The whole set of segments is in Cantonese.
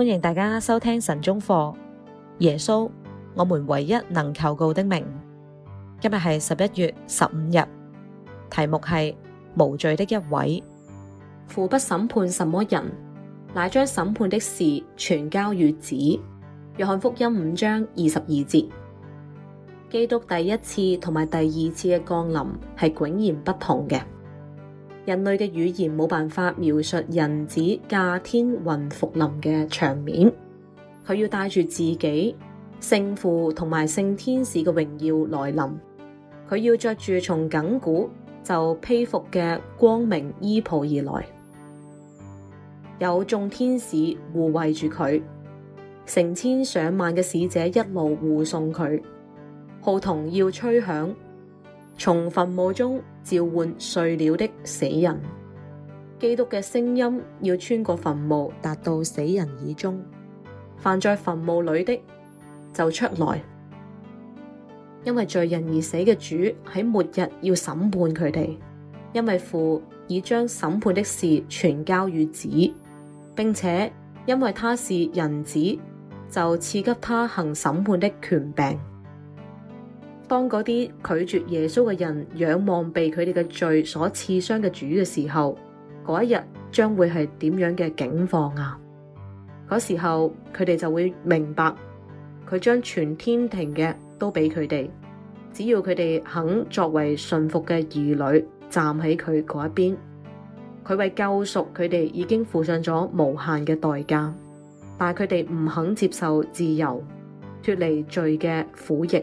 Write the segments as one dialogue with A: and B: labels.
A: 歡迎大家收聽晨鐘課，耶穌，我們唯一能求告的名。今日係十一月十五日，題目係無罪的一位，父不審判什麼人，乃將審判的事全交與子。約翰福音五章二十二節，基督第一次同埋第二次嘅降臨係迥然不同嘅。人類嘅語言冇辦法描述人子駕天雲復臨嘅場面，佢要帶住自己聖父同埋聖天使嘅榮耀來臨，佢要着住從亙古就披覆嘅光明衣袍而來，有眾天使護衛住佢，成千上萬嘅使者一路護送佢，號筒要吹響，從墳墓中。召喚睡了的死人，基督嘅聲音要穿過墳墓，達到死人耳中。凡在墳墓裏的就出來，因為罪人而死嘅主喺末日要審判佢哋。因為父已將審判的事全交予子，並且因為他是人子，就賜給他行審判的權柄。當嗰啲拒絕耶穌嘅人仰望被佢哋嘅罪所刺傷嘅主嘅時候，嗰一日將會係點樣嘅境況啊？嗰時候佢哋就會明白，佢將全天庭嘅都俾佢哋，只要佢哋肯作為信服嘅兒女站喺佢嗰一邊。佢為救贖佢哋已經付上咗無限嘅代價，但係佢哋唔肯接受自由脫離罪嘅苦役。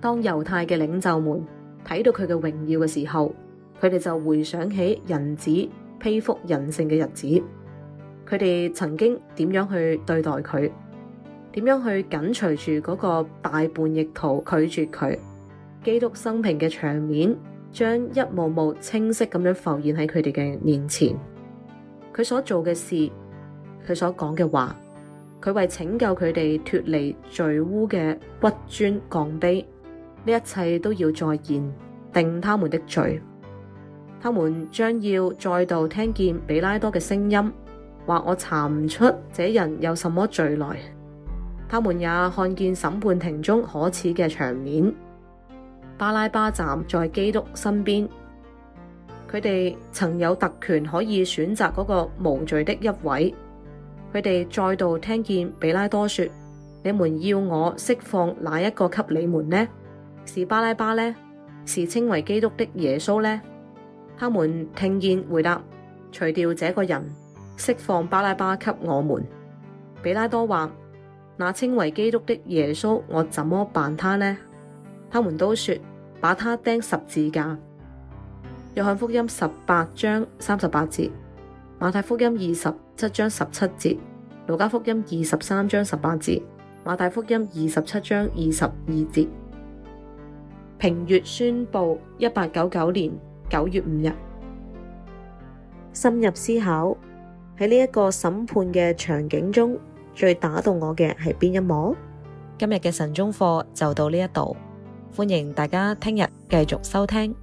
A: 當猶太嘅領袖們睇到佢嘅榮耀嘅時候，佢哋就回想起人子披覆人性嘅日子，佢哋曾經點樣去對待佢，點樣去緊隨住嗰個大叛逆徒拒絕佢，基督生平嘅場面將一幕幕清晰咁樣浮現喺佢哋嘅面前，佢所做嘅事，佢所講嘅話，佢為拯救佢哋脫離罪污嘅屈尊降卑。呢一切都要再現，定他們的罪。他們將要再度聽見比拉多嘅聲音，話我查唔出這人有什麼罪來。他們也看見審判庭中可恥嘅場面。巴拉巴站在基督身邊，佢哋曾有特權可以選擇嗰個無罪的一位。佢哋再度聽見比拉多說：你們要我釋放哪一個給你們呢？是巴拉巴呢？是稱為基督的耶穌呢？他們聽見回答，除掉這個人，釋放巴拉巴給我們。比拉多話：那稱為基督的耶穌，我怎麼辦他呢？他們都說把他釘十字架。約翰福音十八章三十八節，馬太福音二十七章十七節，路加福音二十三章十八節，馬太福音二十七章二十二節。評閱宣報，一八九九年九月五日。深入思考，喺呢一個審判嘅場景中，最打動我嘅係邊一幕？今日嘅晨鐘課就到呢一度，歡迎大家聽日繼續收聽。